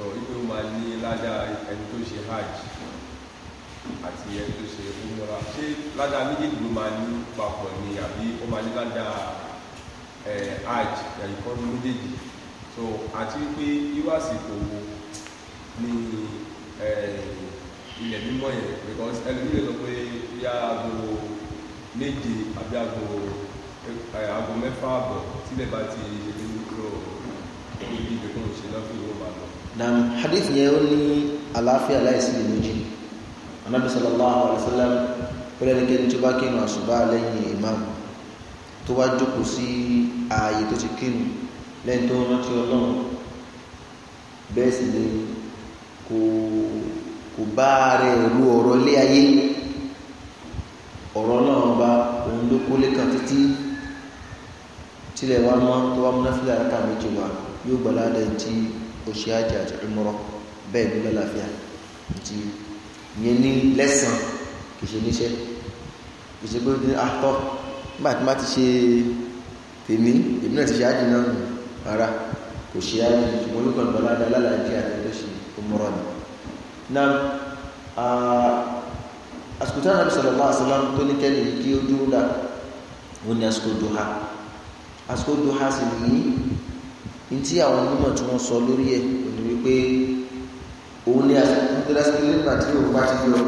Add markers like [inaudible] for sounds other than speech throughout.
sọ wípé ó máa ní ládàá ẹni tó ṣe hajj àti ẹni tó ṣe umra ṣé ládàá méjèèjì ló máa ní papọ̀ ni àbí ó máa ní ládàá ẹ hajj ẹ̀yìnkọ́ ní méjèèjì so àti wípé irú àsìkò wo ni ilẹ̀ mímọ́ yẹn because ẹlòmíì lè sọ pé bí aago méje àbí aago aago mẹ́fà àbọ̀ tílẹ̀ bá ti ṣe ìdíkùn òsì láfi ìwọ bá lọ. na hadith yẹn ó ní àlàáfíà láìsí ìlú méjì anabi sallallahu alayhi wa sallam ó lẹ́ni kẹ́ni tó bá kírun àṣùbà lẹ́yìn imam tó wá jókòó sí ààyè tó ti kírun lẹ́yìn tó rántí ọlọ́run bẹ́ẹ̀ sì ni kò kò bá rẹ̀ ru ọ̀rọ̀ lé ayé ọ̀rọ̀ náà bá òun ló kólé kan títí tilẹ̀ wá mọ́ tó wá múnáfíà látà méjì wá yóò gbà ládàá tí o ṣe àjà àti ìmọ̀ràn bẹ́ẹ̀ ló lálàáfíà ti yẹn ní lẹ́sàn kì í ṣe níṣẹ́ kì í ṣe pé ní atọ́ ah, nígbà tí má ti ṣe tèmi èmi náà ti ṣe àjì náà rárá kò ṣe àjì ṣùgbọ́n yóò gbà ládàá lálàáfíà àti tó ṣe ìmọ̀ràn ni. na àsìkò tí Ànábì sallallahu alaihi wasallam tó ní kẹ́lẹ̀ kí ó dúró dà ó ní àsìkò dùhà àsìkò dùhà sì ní ntí àwọn onímọ̀ tí wọ́n sọ lórí ẹ̀ kò ní wípé òun ni àtúntẹ́lẹ́sí nígbà tí òun bá ti yọ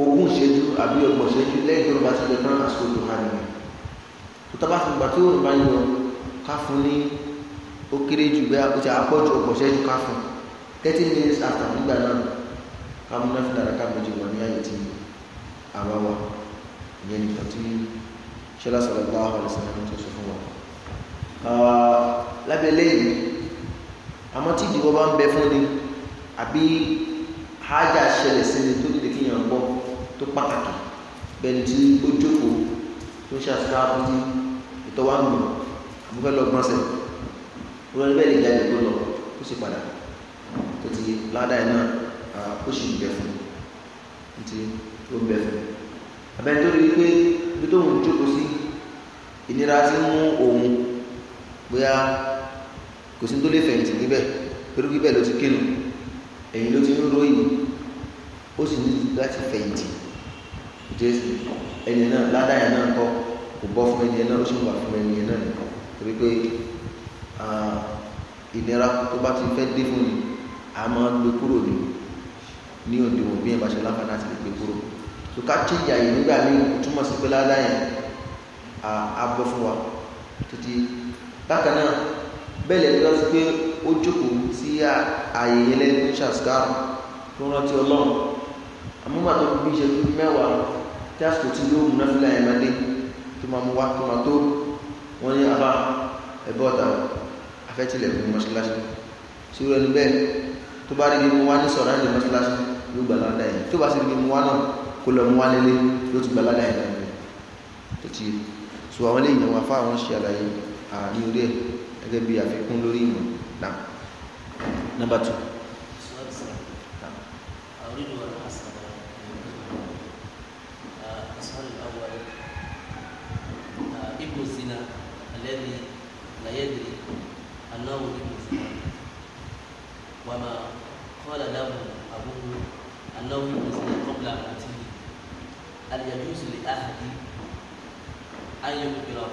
ogún ìṣẹ́jú àbí ọgbọ̀n ìṣẹ́jú lẹ́yìn tó bá ti yọ náà àsìkò tó hàn mí tó tá bá fi gbà tí òun bá yọ ká fún ní ó kéré jù bẹ́ẹ̀ ó ti àpọ̀jù ọgbọ̀n ìṣẹ́jú ká fún thirty minutes after nígbà náà ká mú náà fi dára ká méjì wọ̀ ní àyè tí àwa wà ìyẹn nìkan tí ṣẹlá sallallahu alaihi wasallam tó Ah, lábẹ́ lẹ́yìn àmọ́ tí ìdìbò bá ń bẹ fún ni àbí hájà ṣẹlẹ̀ sí ni tó dìde kí èèyàn gbọ́ tó pàtàkì bẹ́ẹ̀ tí ó jókòó tó ń ṣàfihàn fún ní ìtọ́ wa ń lò àmúfẹ́ lọ gbọ́nsẹ̀ wọ́n ní bẹ́ẹ̀ lè jáde kó lọ kó sì padà tó ti ládàá iná ah, ó sì ń bẹ fún un ti ó ń bẹ fún un tó rí i pé ibi tó ń jókòó sí ìnira ti ń mú òun bóyá kò sí tó lè fẹ̀yìntì níbẹ̀ torí bíbẹ̀ ló ti kéènù ẹ̀yìn ló ti ń ròyìn ó sì ní láti fẹ̀yìntì jésù ẹni náà ládàá náà kọ kò bọ́ fún ẹni náà ó sì wà fún ẹni náà nìkan torí pé ìnira tó bá ti fẹ́ dé fún mi a máa ń gbé kúrò ní ní òdiwọ̀n bí ìbáṣe láǹfààní àti gbé kúrò tó ká tí ìyá yìí nígbà míì túmọ̀ sí pé ládàá yẹn fún wa títí bákan náà bẹ́ẹ̀ lẹ́nu lọ́sí pé ó jókòó sí ààyè ẹlẹ́nu ṣàṣkáàrù tó rántí ọlọ́run àmúgbà tó bí ìṣẹ́jú mẹ́wàá tí àsìkò tí yóò mú náfìlà ẹ̀ máa dé tó máa mú wá tó máa tó wọ́n ní àbá ẹ̀bọ́ ọ̀tà afẹ́tìlẹ̀ fún mọ́ṣáláṣí sórí ẹni bẹ́ẹ̀ tó bá rí bí mo wá ní sọ̀rọ̀ àìlè mọ́ṣáláṣí yóò gbà ládàá yẹn tó bá sì rí bí mo wá náà kó lọ mú wá lélẹ̀ yóò tún gbà ládàá yẹn tó ti sùn àwọn eléyìí ni wọn afá àwọn ṣe àlàyé àní orí ẹ̀ gẹ́gẹ́ bí àfikún lórí ìmọ̀ náà nọ́mbà two. ابن الزنا الذي لا يدري أنه ابن الزنا وما قال له أبوه أنه ابن الزنا قبل موته هل يجوز لأحد أن يخبره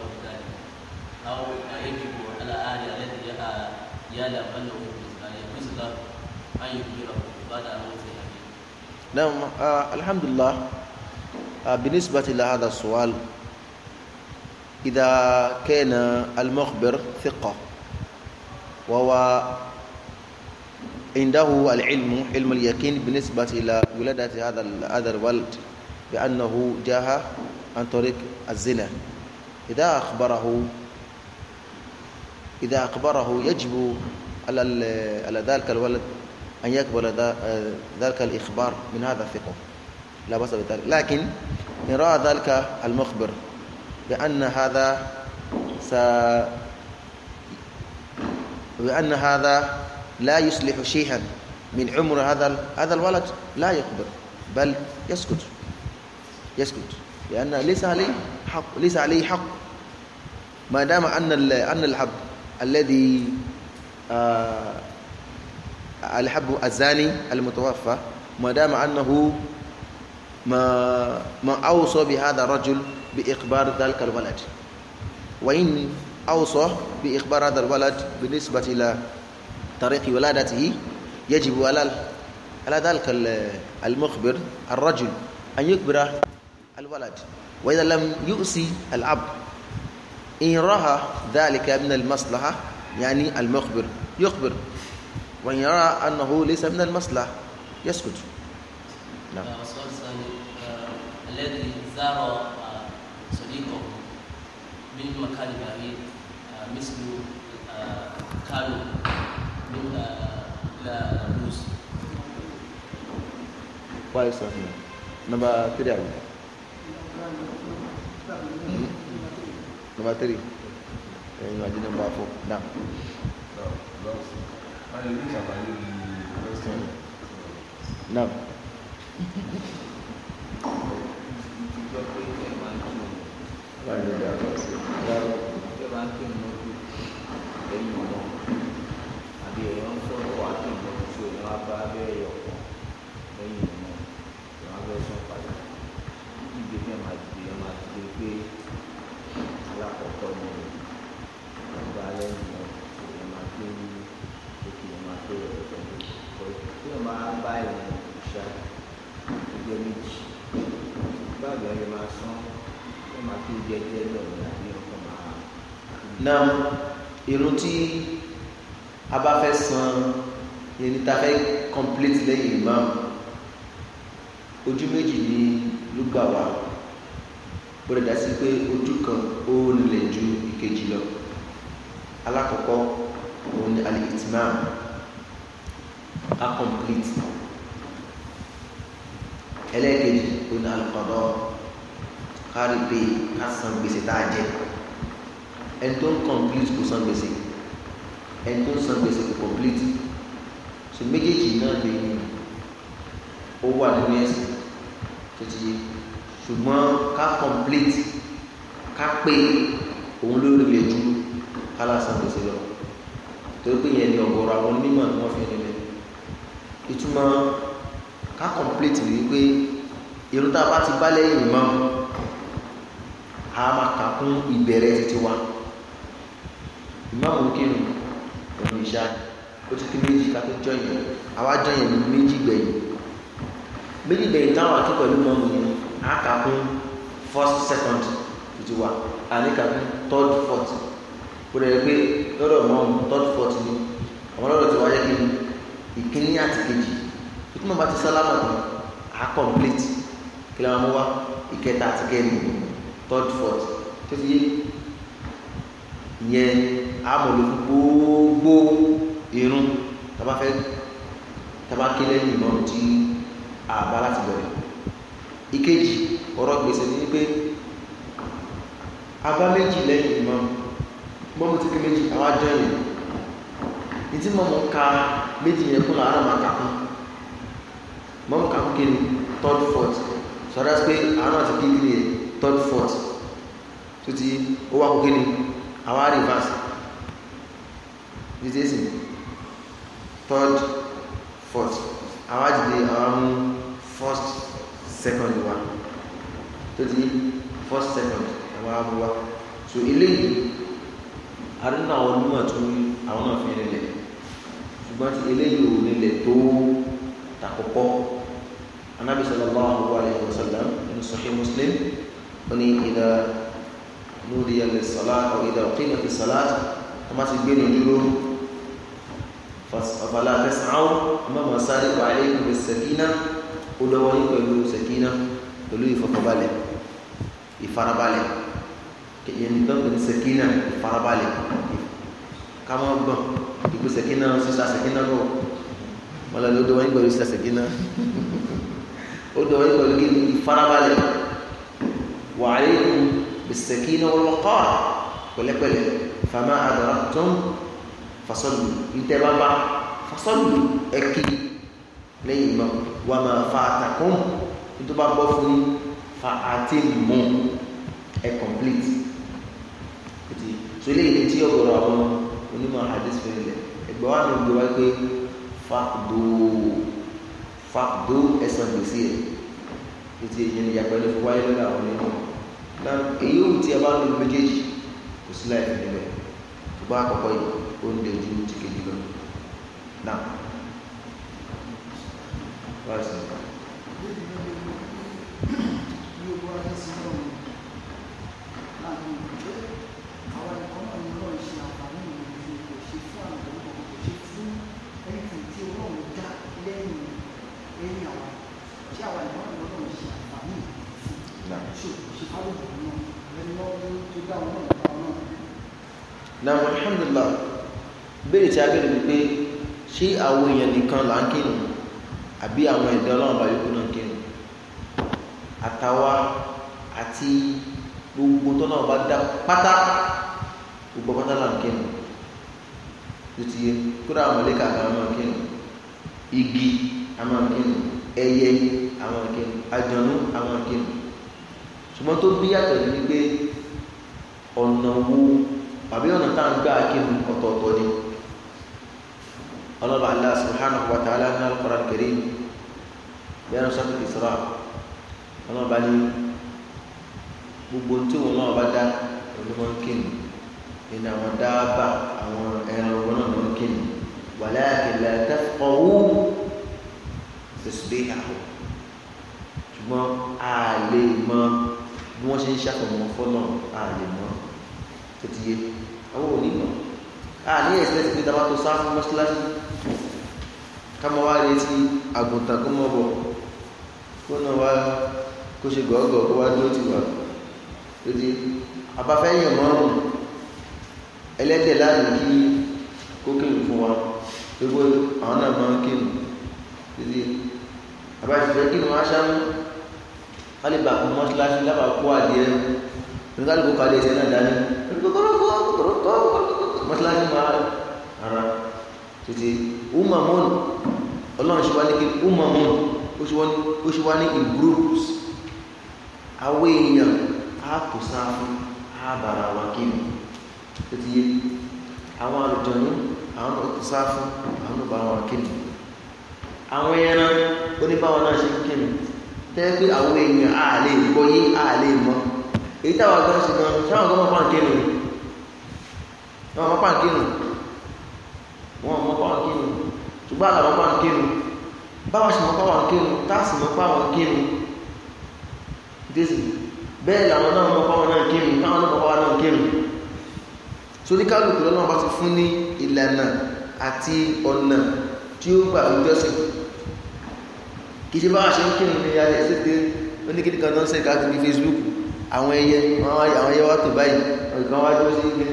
أو يجب على أهل الذي يعلم أنه مثل أن يخبره بعد موته نعم آه، الحمد لله آه، بالنسبة لهذا السؤال إذا كان المخبر ثقة وهو عنده العلم علم اليقين بالنسبة إلى ولادة هذا هذا الولد بأنه جاء عن طريق الزنا إذا أخبره إذا أخبره يجب على ذلك الولد أن يقبل ذلك الإخبار من هذا الثقة لا بأس بذلك لكن إن رأى ذلك المخبر بأن هذا س بأن هذا لا يصلح شيئا من عمر هذا هذا الولد لا يخبر بل يسكت يسكت لأن ليس عليه حق ليس عليه حق ما دام أن أن العبد الذي آه، الحب الزاني المتوفى ما دام أنه ما ما أوصى بهذا الرجل بإخبار ذلك الولد وإن أوصى بإخبار هذا الولد بالنسبة إلى طريق ولادته يجب على على ذلك المخبر الرجل أن يخبر الولد وإذا لم يؤسي الأب إن رأى ذلك من المصلحة يعني المخبر يخبر وإن يرى أنه ليس من المصلحة يسكت نعم آه، الذي زار آه، صديقه من مكان بعيد آه، مثل كانوا من لاروس كويس نمبر 3 number three ẹ̀yìn ìwádìí number four now. now. Báyọ̀ ni ìyá lọ sí. Báyọ̀ ni ìyá lọ sí. na irun tí a bá fẹ́ san irun tá a fẹ́ complete lẹ́yìn imam ojú méjì ni ló gbà wá ó lè dá sí pé ojú kan ó nílẹ̀ ju ìkejì lọ alákọ̀ọ́kọ́ òun ni al-itmam a complete ẹlẹ́ẹ̀kejì òun ni al-qada kárí pé ká san gbèsè tá a jẹ ẹni tó ń complete kò san gbèsè ẹni tó ń san gbèsè kò complete so méjèèjì náà lè ní owó àdúgbò ẹsẹ tó ti yé ṣùgbọ́n ká complete ká pé òun lórí lè ju kálá san gbèsè lọ torí pé yẹn ni ọ̀gọ̀rọ̀ àwọn onímọ̀ ni wọ́n fi ẹni lẹ ìtumọ̀ ká complete rí i pé irun tá a bá ti bá lẹ́yìn mọ́ a máa kà kún ìbẹ̀rẹ̀ títí wa ìmáàmù ń kírun ọ̀nà ìṣá ó ti kí méjì ká tó jọ yẹn àwa jọ yẹn ní méjì gbẹ̀yìn méjì gbẹ̀yìn táwọn akẹ́kọ̀ọ́ ìlú mọ́mù yẹn á kà fún first second ti wà àníkà fún third fourth kó lè gbé lọ́dọ̀ mọ́mù third fourth ni àwọn lọ́dọ̀ ti wáyé kí ni ìkíní àti kejì tó tún bá ti sálámà tán á complete kí lè máa mú wá ìkẹta àti kẹrin third fourth tó ti yé ìyẹn àbọ̀lù gbogbo irun tàbá fẹ́ tàbá ké lẹ́yìn ìmọ̀ tí àbá láti bẹ̀rẹ̀ ìkejì ọ̀rọ̀ gbèsè ni pé abá méjì lẹ́yìn ìmọ̀ mọ́mú ti ké méjì àwọn ajọ́ yẹn ní tí mọ́mú ka méjì yẹn kó làárọ̀ máa kà kún mọ́mú kà kún kéde third fourth sọdá pé àárọ̀ àti kéde third fourth tó ti ó wá kó kéde àwa reverse this is third fourth àwọn àjèjì um first second wa tó ti first second àwọn amúwa so eléyìí arínú àwọn onímọ̀ tó rí àwọn náà fi rinlẹ̀ ṣùgbọ́n ti eléyìí ò rinlẹ̀ tó tàkọ́kọ́ anábì sallallahu alayhi wa sallam nínú sahih muslim ó ní ìdá lórí ẹlẹ́sọ̀lá ọ̀rọ̀ ìdá òkè ìgbà ti sọ̀lá wọ́n má ti gbé ní dúró فلا تسعوا مما سارق عليكم بالسكينة قل وليكم يقولوا سكينة قلوا يفقبالي يفربالي يعني كم من سكينة يفربالي كما أبقى يقول سكينة وسيسا سكينة قو ولا لو دوين قول يسا سكينة قل دوين قول يقول يفربالي وعليكم بالسكينة والوقار كل كل فما أدركتم fasọ́lù ntẹ́ bá bá fasọ́lù ẹ̀kí lẹ́yìn náà wà máa fa àtàkùn tó bá bọ́ fún yín fa àti mú ẹ̀ complete so eléyìí tí ọ̀gọ̀rọ̀ àwọn onímọ̀ hadith fẹ́lẹ̀ ẹgbẹ́ wa ni gbé wá pé fàdó fàdó ẹ̀sán gbèsè ẹ̀ ètò ìyẹn ni yàgbẹ́ ló fi wáyé lọ́dọ̀ àwọn onímọ̀ náà èyí ò tí a bá lò méjèèjì kò sí láì fi níbẹ̀ gbọ́ àkọ́kọ́ yìí ó ń de ojú ti kejì lọ náà báyìí sí. Nah na Alhamdulillah, béèrè tí a béèrè wípé ṣé àwọn èèyàn nìkan là ń kírun àbí àwọn ẹ̀dá ọlọ́run bá yókù náà kírun àtàwa àti gbogbo tó náà bá dá pátá gbogbo pátá là ń kírun títí yẹ kódà àwọn ẹlẹ́ka àwọn kírun igi àwọn máa kírun ẹyẹ àwọn máa kírun àjọ̀nú àwọn máa kírun ṣùgbọ́n tó bí yàtọ̀ ní wípé ọ̀nà wo àbí ọ̀nà tá à ń gbà kírun ọ̀tọ̀ọ̀tọ̀ ni ọlọ́ba Allah subhanahu wa ta'ala ní al-Qur'an al-Karim bẹ́ẹ̀rẹ̀ sọ́tù Isra ọlọ́ba ní gbogbo tí òun náà bá dá onímọ̀ ń kírun àwọn dáàbà àwọn ẹran ọgbọ́n náà ló ń kírun walakin la tafqahun ṣùgbọ́n a lè bí wọ́n ṣe ń ṣàfihàn fọ́nà a mọ́ tó ti yé àwọn òní mọ̀ a ní ẹ̀sẹ̀ ti pé tá a bá tó sá fún mọ́ṣáláṣí ká mọ wá retí àgùntàn kó mọ bọ̀ kó náà wá kó ṣe gọ̀ọ́gọ̀ kó wá dúró ti wà tó ti abafẹ́ yẹ̀ mọ́rùn ẹlẹ́dẹ̀ láàyè kí kó wa gbogbo àwọn náà máa ń kéwì tó ti àbájáde kí ni wọ́n á ṣáá mú wọ́n lè bàbá mọ́ṣáláṣí lábàá kó adìẹ rẹ̀ oníkálukú kalẹ̀ ẹsẹ̀ náà dání mọ́tíláṣí máa ara tètè umamon ọlọ́run ṣe wá ní Jadi umamun, Allah ṣe wá ní in groups àwọn èèyàn á kò sáfù á bàrà wá Jadi, ni tètè yé àwọn àlùjọ̀nù àwọn kò sáfù àwọn bàrà wá kí ni àwọn ẹran oníbàwọn náà ṣe kí ni tẹ́lẹ̀ pé àwọn èyí táwọn àgbọn ṣe gan ṣáwọn àgbọn máa pàǹkì nù wọn máa pàǹkì nù wọn máa pàǹkì nù ṣùgbọ́n àlàmọ́ pàǹkì nù báwọn ṣe máa pa wọn kírun táàsì máa pa wọn kírun désì bẹ́ẹ̀ làwọn náà máa pa wọn náà kírun táwọn náà máa pa wọn náà kírun sórí kálukú lọ́nà bá ti fún ní ìlànà àti ọ̀nà tí ó gbà ìjọsìn kì í ṣe báwọn ṣe ń kírun ní ayẹyẹ ṣètè oníkìdíkan náà ń ṣe káàkiri Facebook àwọn ẹyẹ àwọn ẹyẹ wá tó báyìí ọ̀gbọ́n wá dúró sí ibi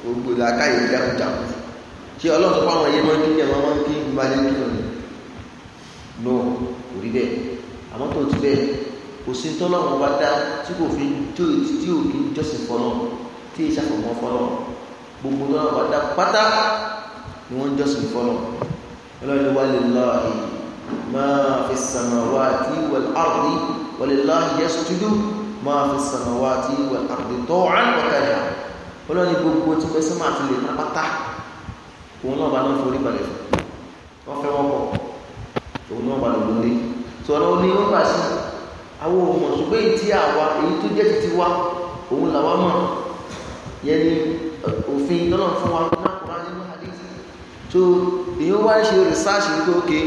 gbogbo làákàyè jákujáku ṣé ọlọ́run sọ pé àwọn ẹyẹ máa ń kí ni àwọn máa ń kí ni máa ń kí ni no kò bẹ́ẹ̀ àmọ́ tó ti bẹ́ẹ̀ kò sí tọ́lọ́run bá dá tí kò fi tí tí ò kí jọ́sìn fọlọ́ tí ì ṣàfọ̀mọ́ fọlọ́ gbogbo tọ́lọ́run bá dá pátá ni wọ́n jọ́sìn fọlọ́ ọlọ́run wà lè lọ máa fi sàmà wá àti wàlẹ́ àrùn wàlẹ́ láàyè yẹ́sùn tuntun máa fi sàmàwá àti ìwà àrùdìtọ́ àlùkàdà ọlọ́ni gbogbo ti pẹ́ sọ́mà àti lè pápátá òun náà bá náà forí balẹ̀ wọ́n fẹ́ wọ́n pọ̀ òun náà bá lòun lé sọ̀rọ̀ ní wọ́n bá sí àwọn ohun ọ̀ṣùgbọ́n èyí tí àwa èyí tó jẹ́ títí wa òun làwa mọ̀ yẹn ni òfin lọ́nà fún wa náà kúrò nínú hadith tó èyàn wá ṣe research wípé ókè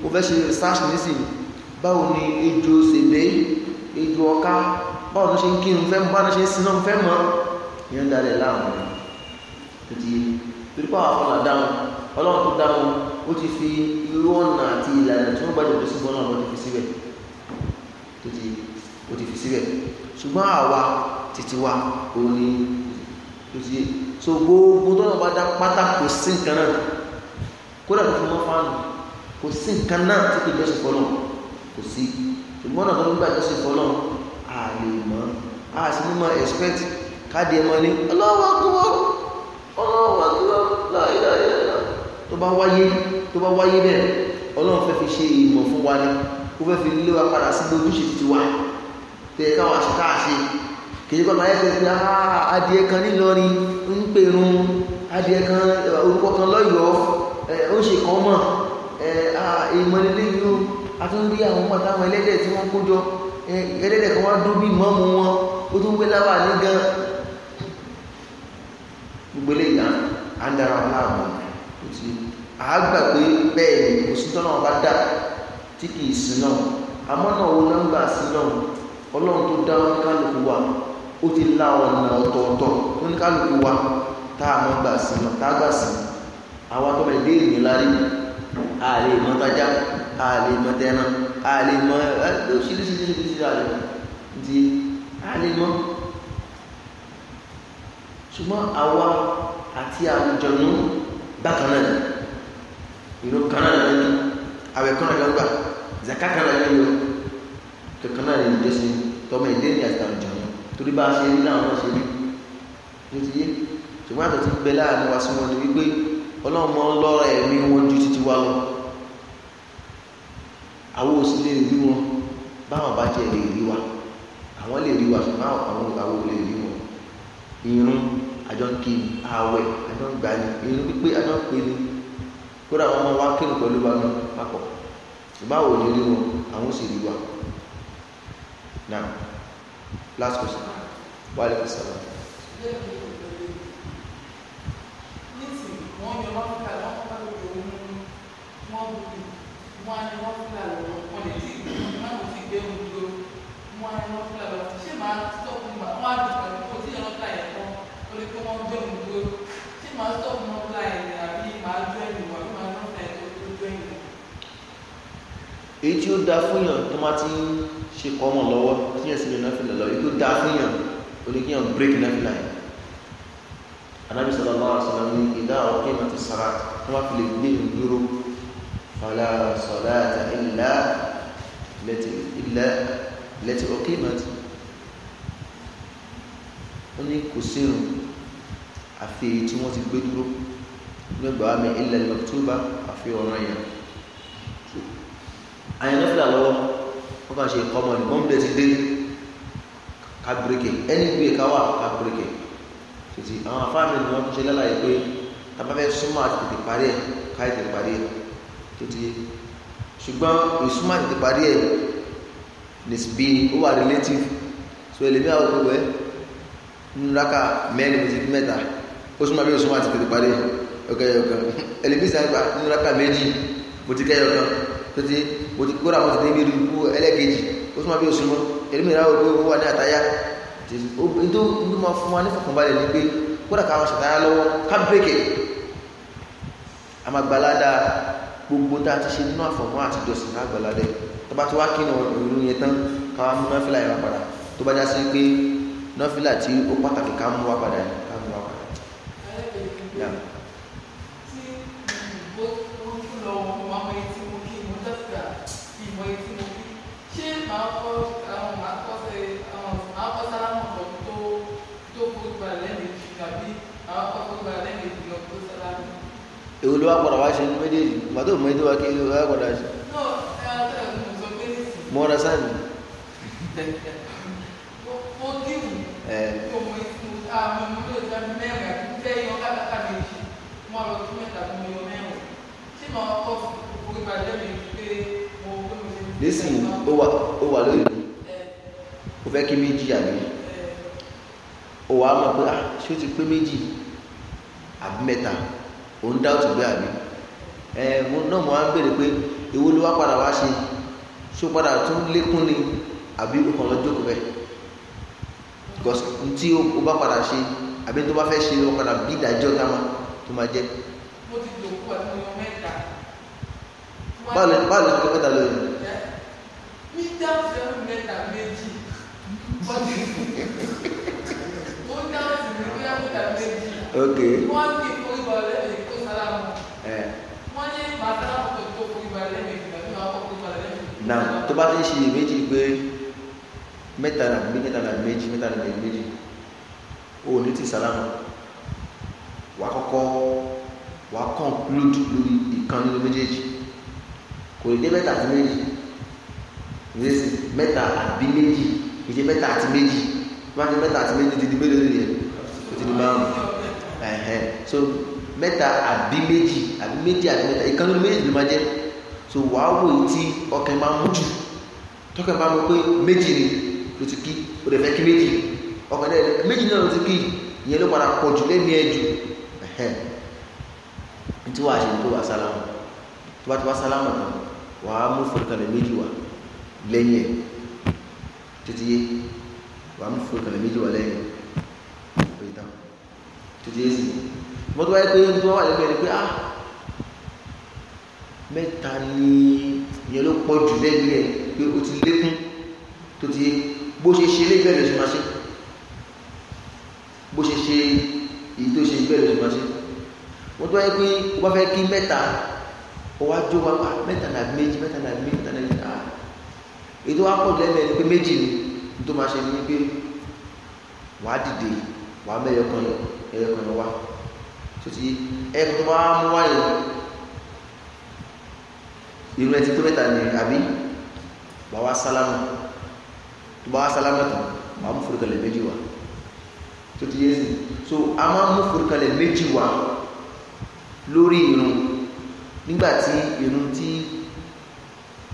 mo fẹ́ ṣe research nísìnyí báwo ni ejò ṣèlè ejò ọká báwo ló ṣe ń kírun fẹ́ báwo ló ṣe ń sin náà fẹ́ mọ́ ìyẹn darí ẹ̀ láàmú rẹ̀ kò ti torí pé àwọn ọ̀nà dáhùn ọlọ́run tó dáhùn ó ti fi irú ọ̀nà àti ìlànà tí wọ́n gbàdúrà sí bọ́ọ̀nà ọ̀nà tó ti fi síbẹ̀ ṣùgbọ́n àwa títí wa ò ní tó ti so gbogbo tó náà bá dá pátá kò sí nǹkan náà kódà tó fi mọ́ fáànù kò sí nǹkan náà tí kò jọ́sìn fọlọ́ kò sí ṣùgbọ́n náà tó ń gbà jọ́sìn fọlọ́ ààrẹ mọ́ a sì ní mọ́ expect káàdì ẹmọ ní Allahu Akbar Allahu Akbar la ilaha illallah tó bá wáyé tó bá wáyé bẹ́ẹ̀ ọlọ́run fẹ́ fi ṣe ìmọ̀ fún wa ni ó fẹ́ fi lé wa padà sí ojúṣe ti wa tẹ káwa ṣe káàṣe kìí kọ́ máa yẹ́ pé adìẹ kan nílọrin ń pèrún adìẹ kan orúkọ kan lọ́yọ̀ọ́ ó ṣe kàn mọ̀ ìmọ̀lélẹ́yìn ó a tún rí àwọn ọmọ àtàwọn ẹlẹ́dẹ̀ tí wọ́n kó jọ ẹlẹ́dẹ̀ kan wá dúró bí mọ́mú wọn ó tún gbé lábà ní gan gbogbo eléyìí à ń dára wọn àágbà pé bẹ́ẹ̀ ni kò sí tọ́nà ọba dà tí kì í sin náà àmọ́ náà náà ń gbà sí náà ọlọ́run tó dá wa ó ti la ọ̀nà ọ̀tọ̀ọ̀tọ̀ oníkálukú wa tá a máa gbà sí náà tá a gbà a lè mọ tajà a lè mọ tẹran a lè mọ ẹ lóṣìṣìṣìṣìṣì a lè mọ ti a lè mọ ṣùgbọ́n àwa àti àwùjọ náà bákan náà ìlú kan náà lẹ́nu àwẹ̀ kan náà lẹ́nu gbà zaka kan náà lẹ́nu kankan náà lẹ́nu jọ́sìn tọmọ ìdí ní àti àwùjọ náà torí bá a ṣe rí náà wọ́n ṣe rí ti yé ṣùgbọ́n àtọ̀ ti bẹ láàrin wa sí wọn ni wípé ọlọ́run mọ́ ń ju títí wa lọ. àwọn ò sì lè rí wọn báwọn bá jẹ́ lè rí wa àwọn lè rí wa àwọn àwọn lè rí wọn irun àjọ ń kí irun pípé kódà wa kírun pẹ̀lú wa náà papọ̀ ṣùgbọ́n lè rí wọn àwọn sì last question wà wọn á ní wọn fúlà lọ wọn lè tí ì má kò tí gbé wọn dúró wọn á ní wọn fúlà lọ ṣé màá sọ̀kù mà wọn á dùn pàdé kó tí ì yẹn kọ́ ó lè kó wọn gbé wọn dúró ṣé màá sọ̀kù wọn fúlà yẹn àbí màá dú ẹ̀yìn wọn àbí màá ní ọ̀fẹ́ tó tó dú ẹ̀yìn èyí tí ó dáa fún yàn tó máa ti ń ṣe kọ́ ọmọ lọ́wọ́ tí yẹn sì lè náà fìlà lọ èyí tó dáa fún yàn ó ní kí yàn break náà fìlà yẹn anabi sallallahu alaihi wasallam ní ìdá àwọn kéèmà ti sara wọn fi lè gbé ìdúró فلا صلاة إلا التي إلا التي أقيمت ó ní kò تموت àfi èyí tí إلا ti gbé dúró nígbà wàmí الله lọ́túbà àfi ọ̀ràn yẹn àyànná fìlà lọ́wọ́ wọ́n kàn ṣe ìkọ́mọ ní bọ́m̀bẹ̀ ti dé kábíríkè ẹni gbé káwà kábíríkè tètè àwọn afáàmì ni wọ́n ṣe lálàyé pé tábàfẹ́ súnmọ́ àti tètè parí ẹ̀ káyì tètè parí ẹ̀ tó ti yé ṣùgbọ́n ìsúnmọ́ àti parí ẹ̀ nìsbí ó wà relative so èlé mẹ́wàá òkú ẹ̀ nraka mẹ́rin mi ti fi mẹ́ta ó súnmọ́ bí ìsúnmọ́ àti tètè parí ẹ̀ ọ̀kẹ́yọ̀kan èlé [laughs] mi sàn gba nraka méjì mo ti kẹ́yọ̀kan tó ti mo ti kóra mo ti débi rí ikú ẹlẹ́kejì ó súnmọ́ bí ìsúnmọ́ èlé mi ìráwọ̀ òkú wà ní àtayá tó ń máa fún wa ní fọkànbalẹ̀ ní pé gbogbo tá a ti ṣe nínú àfọ̀mọ́ àti ìjọsìn ní àgbàládẹ tó bá ti wá kí ìrun yẹn tán ká wá mú nọ́fìlà yẹn wá padà tó bá já sí pé nọ́fìlà tí ó pàtàkì ká mú wá padà yẹn èwo ló wá padà wá ṣe ní méjèèjì pàtó mọ ètò wa kí ló wá padà ṣe. mo ra sáàdì. mo kíwù tó mo ìfún àmọ́ mo lè jẹ́ mẹ́rin àti fẹ́ yan kátàkà méjì mo lọ tún mẹ́ta tó mo yan mẹ́rin tí mo kọ́ orí bàjẹ́ mi pé mo gbé mi sí. lẹ́sìn ó wà ó wà lórí mi ó fẹ́ kí méjì àbí ó wà á mọ̀ pé ah, ṣé ó ti pé méjì àbí mẹ́ta òun dá òtún gbé àbí ẹ mo náà mo wá ń béèrè pé èwo ló wá padà wá ṣe ṣó padà tún lékún ni àbí o kàn lọ jókòó bẹ́ẹ̀ because ntí o bá padà ṣe àbí tó bá fẹ́ ṣe o padà bí ìdájọ́ táwọn tó máa jẹ́. mo ti dòwú pẹ̀lú ọmọ ẹ̀dá. báwo ni báwo ni ọmọ ẹ̀dá lóyún. mi dáhùn sí ọmọ ẹ̀dá méjì bọ́dì [laughs] mo dáhùn sí ọmọ ẹ̀dá méjì. ok. náà tó bá ti ń ṣiyè méjì pé mẹ́ta náà méjì mẹ́ta náà méjì mẹ́ta náà méjì o ní ti sálámà wà á kọ́kọ́ wà á conclude lórí ìkan nínú méjèèjì kò lè dé mẹ́ta àti méjì ìrẹsì mẹ́ta àbí méjì ìdí mẹ́ta àti méjì wọ́n á ní mẹ́ta àti méjì dídí mélòó nìyẹn ó ti di márùn so mẹ́ta àbí méjì àbí méjì àbí mẹ́ta ìkan nínú méjì ló máa jẹ́. so wàá wò ó tí ọkàn máa mú jù tọkàn máa mú pé méjì ni ló ti kí o lè fẹ́ kí méjì ọkàn náà méjì náà ló ti kí ìyẹn ló padà pọ̀ jù lẹ́mìí ẹ̀ jù tí wàá ṣe tó wàá sálámù tó bá ti wá sálámù kan wàá mú méjì wá lẹ́yìn ẹ̀ títí yé wàá mú méjì wá lẹ́yìn ẹ̀ títí yé sí mọ́tò mẹ́ta ni ìyẹn ló pọ̀ jù lẹ́nu ẹ̀ pé ó ti lékún tó ti bó ṣe ṣe lé bẹ́ẹ̀ ló ṣe máa ṣe bó ṣe ṣe èyí tó ṣe bẹ́ẹ̀ ló ṣe máa ṣe wọ́n tó wáyé pé wọ́n fẹ́ kí mẹ́ta ó wá jó wá pa mẹ́ta náà méjì mẹ́ta náà méjì mẹ́ta náà méjì ah èyí tó wá pọ̀ lẹ́nu ẹ̀ pé méjì ni tó máa ṣe ni pé wàá dìde wàá mẹ́yọkàn ẹ̀yọkàn wá tó ti ẹ̀kọ́ tó máa mú wáyé irú ẹtí tó mẹ́ta ni àbí bá wa sálámù tó bá wa sálámù tán bá mú forúkalẹ̀ méjì wá tó ti yé sí so a máa mú forúkalẹ̀ méjì wá lórí irun nígbà tí irun tí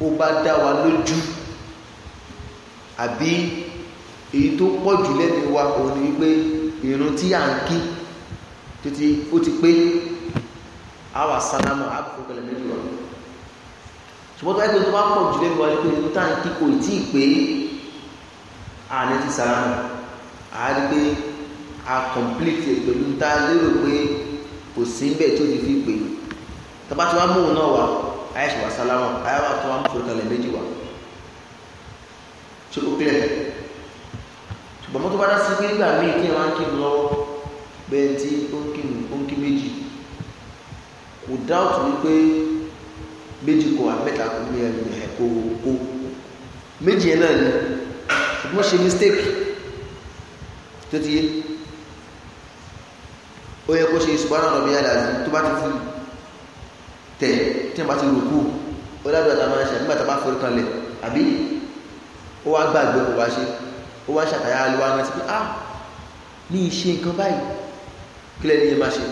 ó bá dá wa lójú àbí èyí tó pọ̀ jù lẹ́nu wa òun ni wípé irun tí à ń kí tó ti ó ti pé a wà sálámù a kò forúkalẹ̀ méjì wá ṣùgbọ́n tó ẹgbẹ́ tó bá pọ̀ jù lẹ́gbẹ̀ẹ́ wáyé pé ní tá à ń kí kò tí ì pé àní ti sàrámù àárí pé a complete pẹ̀lú tá a lérò pé kò sí ń bẹ̀ tó ti fi pè tó bá ti wá mú òun náà wá àyẹ̀ṣẹ̀ wá sálámù àyẹ̀wò àti wá mú fòlùkalẹ̀ méjì wá ṣé ó clear ṣùgbọ́n mọ́tò bá dá sí pé nígbà míì kí ẹ máa ń kí mi lọ́wọ́ bẹ́ẹ̀ tí ó ń kí mi ó ń kí méjì kò dáàtú wípé méjì kò àbí mẹ́ta kò ní ẹnu ẹ̀ kò kò méjì yẹn náà ni wọ́n ṣe mistake tó ti yé ó yẹ kó ṣe subhanahu rabbi alazi tó bá ti fi tẹ̀ tí wọ́n bá ti rò kú ó dábìá tá a máa ń ṣe nígbà tá a bá forí kan lẹ̀ àbí ó wá gbàgbé kò wá ṣe ó wá ṣàtàyà ló wá rántí pé ah ní ìṣe nǹkan báyìí kílẹ̀ ní yẹn máa ṣe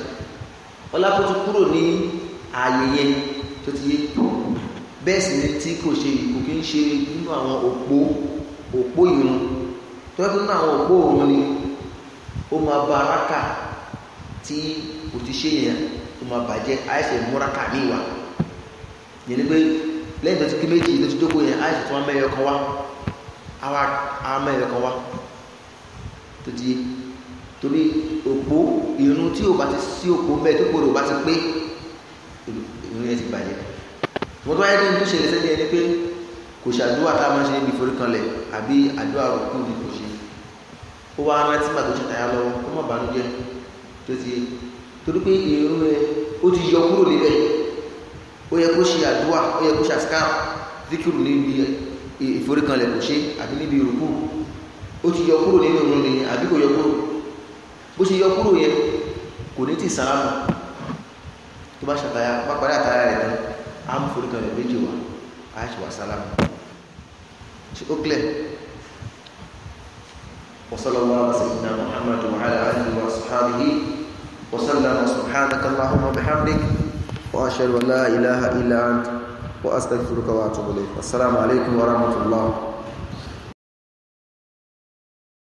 ọlápótú kúrò ní ààyè yẹn tó ti yé bẹ́ẹ̀ sì ni tí kò ṣe kò kí ń ṣe nínú àwọn òpó òpó ìrun tó yẹ kó nínú àwọn òpó òrun ni ó máa ba rákà tí kò ti ṣe yẹn ó máa bàjẹ́ àìsè múrákà ní ìwà yẹn ni pé lẹ́yìn tó ti kí méjì tó ti jókòó yẹn àìsè tó máa mẹ́yọ kan wá àwa mẹ́yọ kan wá tó ti yé torí òpó ìrun tí ò bá ti sí òpó bẹ́ẹ̀ tó kúrò bá ti pé ìrún yẹn ti bàjẹ́ wọ́n tó wáyé kí n tó ṣẹlẹ̀ sẹ́ni ẹni pé kò ṣàdúrà tá a máa ṣe níbi ìforíkanlẹ̀ àbí àdúrà rò kú ni kò ṣe ó wá rántí màtó ṣe tàyà lọ́wọ́ ó má bànújẹ́ tó ti torí pé ìrún rẹ ó ti yọ kúrò níbẹ̀ ó yẹ kó ṣe àdúrà ó yẹ kó ṣe àṣkárà díkìrù níbi ìforíkanlẹ̀ kò ṣe àbí níbi ìrùkù ó ti yọ kúrò nínú ìrún ni àbí kò yọ kúrò bó ṣe yọ kúrò yẹn kò ní ti sàrámù tó bá ṣàtàyà wọn parí àtàyà rẹ tán á mú forúkọ rẹ méjì wá á ṣe wà sálámù ṣe ó clear وصلى الله على سيدنا محمد وعلى اله وصحبه وسلم سبحانك اللهم وبحمدك واشهد ان لا اله الا انت واستغفرك واتوب اليك السلام عليكم ورحمه الله